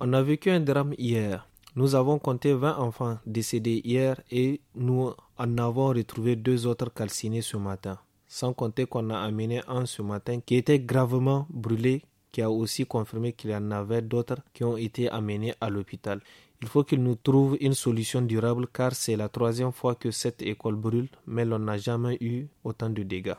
On a vécu un drame hier. Nous avons compté 20 enfants décédés hier et nous en avons retrouvé deux autres calcinés ce matin. Sans compter qu'on a amené un ce matin qui était gravement brûlé, qui a aussi confirmé qu'il y en avait d'autres qui ont été amenés à l'hôpital. Il faut qu'il nous trouve une solution durable car c'est la troisième fois que cette école brûle, mais on n'a jamais eu autant de dégâts.